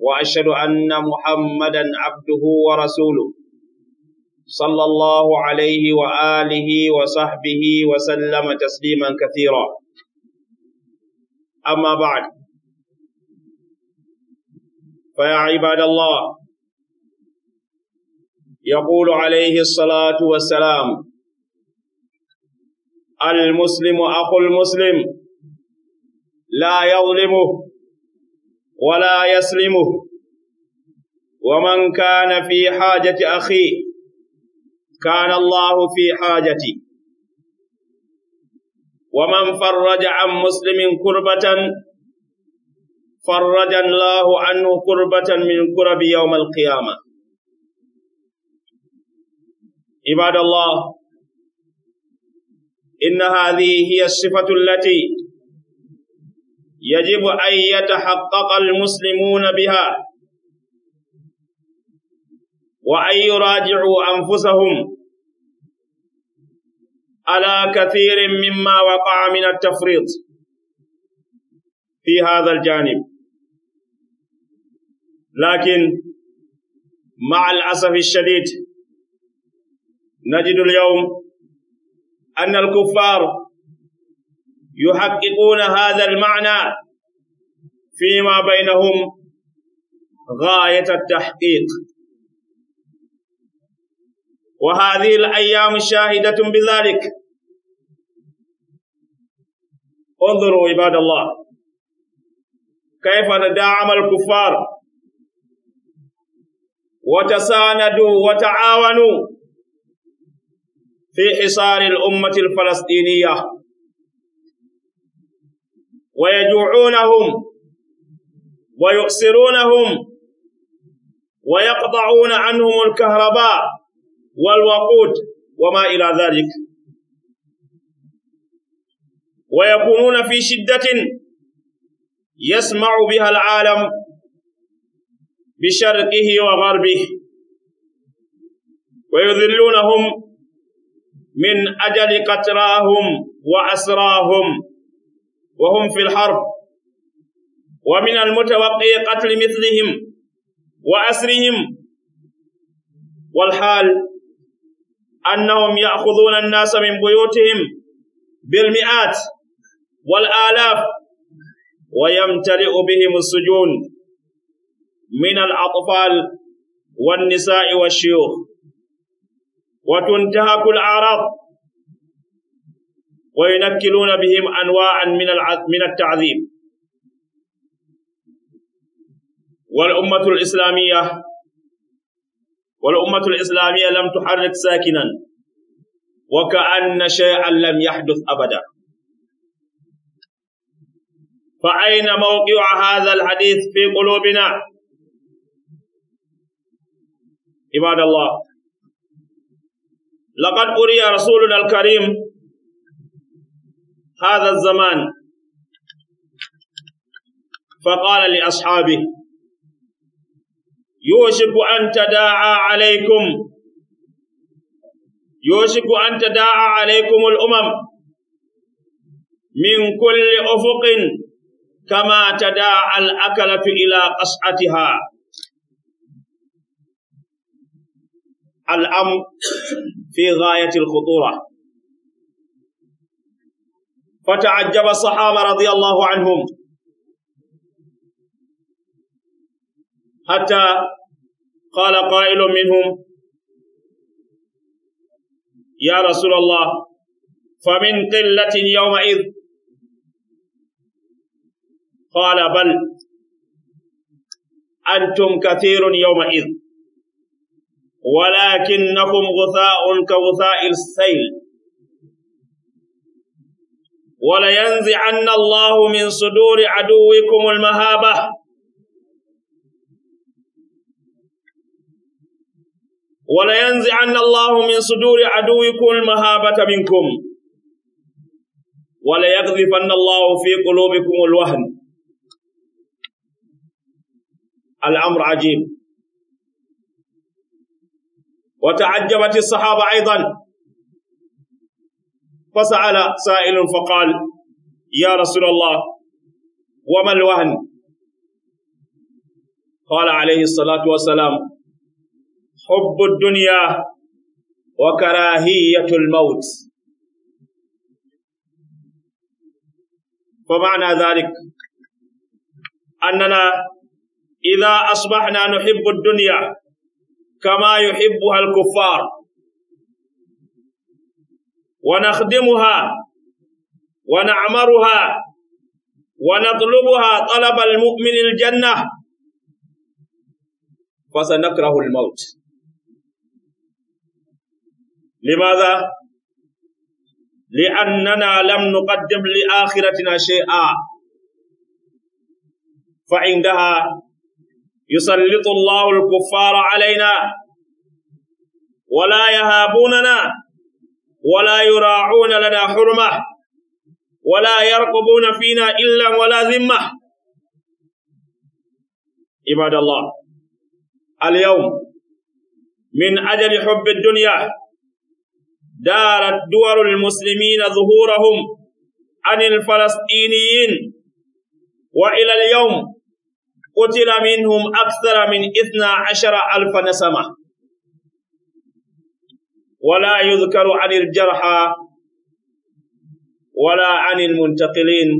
واشهد ان محمدا عبده ورسوله صلى الله عليه واله وصحبه وسلم تسليما كثيرا اما بعد فيا عباد الله يقول عليه الصلاه والسلام المسلم اخو المسلم لا يظلمه ولا يسلمه ومن كان في حاجة أخيه كان الله في حاجتي ومن فرج عن مسلم كربة فرج الله عنه كربة من كرب يوم القيامة عباد الله إن هذه هي الصفة التي يجب أن يتحقق المسلمون بها وأن يراجعوا أنفسهم على كثير مما وقع من التفريط في هذا الجانب لكن مع الأسف الشديد نجد اليوم أن الكفار يحققون هذا المعنى فيما بينهم غاية التحقيق وهذه الأيام شاهدة بذلك انظروا عباد الله كيف تداعم الكفار وتساندوا وتعاونوا في حصار الأمة الفلسطينية ويجوعونهم ويؤسرونهم ويقطعون عنهم الكهرباء والوقود وما إلى ذلك ويكونون في شدة يسمع بها العالم بشرقه وغربه ويذلونهم من أجل قتراهم وأسراهم وهم في الحرب ومن المتوقع قتل مثلهم وأسرهم والحال أنهم يأخذون الناس من بيوتهم بالمئات والآلاف ويمتلئ بهم السجون من الأطفال والنساء والشيوخ وتنتهك الأعراض وينكلون بهم أنواعا من من التعذيب والأمة الإسلامية والأمة الإسلامية لم تحرك ساكنا وكأن شيئا لم يحدث أبدا فأين موقع هذا الحديث في قلوبنا عباد الله لقد أري رسولنا الكريم هذا الزمان فقال لأصحابه يوشك أن تداعى عليكم يوشك أن تداعى عليكم الأمم من كل أفق كما تداعى الأكلة إلى قصعتها الأمر في غاية الخطورة فتعجب الصحابة رضي الله عنهم حتى قال قائل منهم يا رسول الله فمن قلة يومئذ قال بل أنتم كثير يومئذ ولكنكم غثاء كغثاء السيل ولينزعن الله من صدور عدوكم المهابة ولينزعن الله من صدور عدوكم المهابة منكم وليقذفن الله في قلوبكم الوهن الأمر عجيب وتعجبت الصحابة أيضاً فسأل سائل فقال يا رسول الله وما الوهن قال عليه الصلاة والسلام حب الدنيا وكراهية الموت فمعنى ذلك أننا إذا أصبحنا نحب الدنيا كما يحبها الكفار ونخدمها ونعمرها ونطلبها طلب المؤمن الجنة فسنكره الموت لماذا؟ لأننا لم نقدم لآخرتنا شيئا فعندها يسلط الله الكفار علينا ولا يهابوننا ولا يراعون لنا حرمة ولا يرقبون فينا إلا ولا ذمة عباد الله اليوم من أجل حب الدنيا دارت دول المسلمين ظهورهم عن الفلسطينيين وإلى اليوم قتل منهم أكثر من 12 ألف نسمة ولا يذكر عن الجرحى ولا عن المنتقلين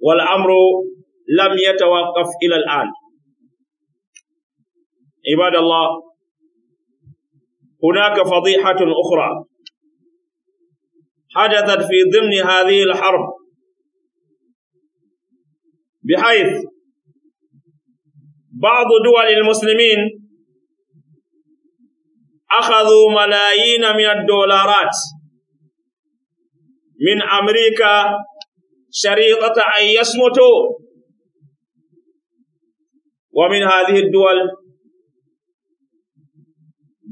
والأمر لم يتوقف إلى الآن عباد الله هناك فضيحة أخرى حدثت في ضمن هذه الحرب بحيث بعض دول المسلمين أخذوا ملايين من الدولارات من أمريكا شريطة أن يصمتوا ومن هذه الدول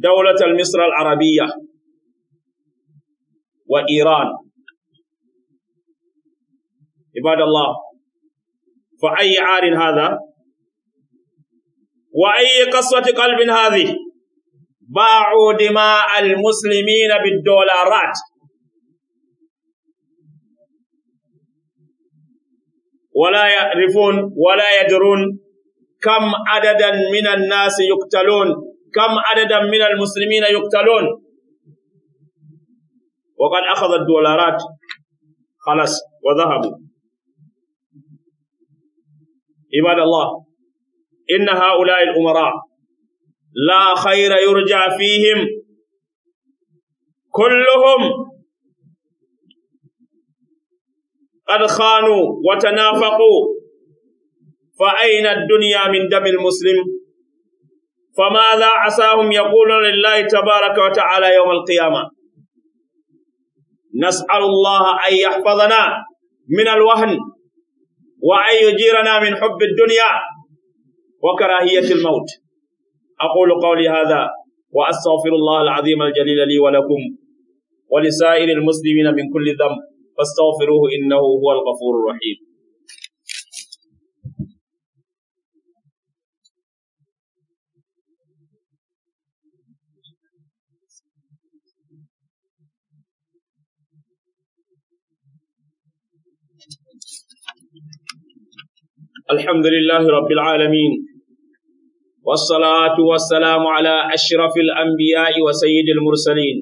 دولة مصر العربية وإيران عباد الله فأي عار هذا وأي قصة قلب هذه باعوا دماء المسلمين بالدولارات ولا يعرفون ولا يدرون كم عددا من الناس يقتلون كم عددا من المسلمين يقتلون وقد أخذ الدولارات خلاص وذهبوا عباد الله إن هؤلاء الأمراء لا خير يرجع فيهم كلهم قد خانوا وتنافقوا فأين الدنيا من دم المسلم فماذا عساهم يقولون لله تبارك وتعالى يوم القيامة نسأل الله أن يحفظنا من الوهن وأن يجيرنا من حب الدنيا وكراهية الموت أقول قولي هذا وأستغفر الله العظيم الجليل لي ولكم ولسائر المسلمين من كل ذنب فاستغفروه إنه هو الغفور الرحيم الحمد لله رب العالمين والصلاة والسلام على أشرف الأنبياء وسيد المرسلين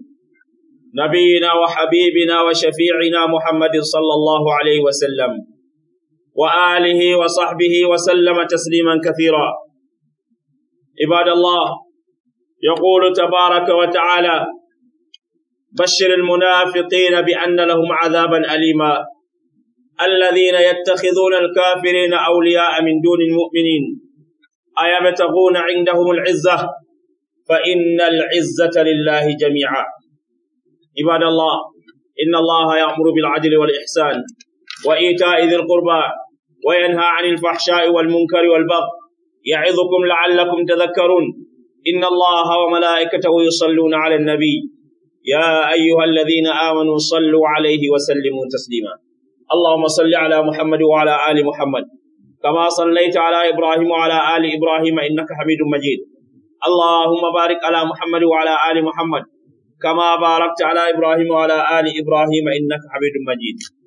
نبينا وحبيبنا وشفيعنا محمد صلى الله عليه وسلم وآله وصحبه وسلم تسليما كثيرا عباد الله يقول تبارك وتعالى بشر المنافقين بأن لهم عذابا أليما الذين يتخذون الكافرين أولياء من دون المؤمنين أيبتغون عندهم العزة فإن العزة لله جميعا عباد الله إن الله يأمر بالعدل والإحسان وإيتاء ذي القربى وينهى عن الفحشاء والمنكر والبغي يعظكم لعلكم تذكرون إن الله وملائكته يصلون على النبي يا أيها الذين آمنوا صلوا عليه وسلموا تسليما اللهم صل على محمد وعلى آل محمد كما صليت على إبراهيم وعلى آل إبراهيم إنك حميد مجيد اللهم بارك على محمد وعلى آل محمد كما باركت على إبراهيم وعلى آل إبراهيم إنك حميد مجيد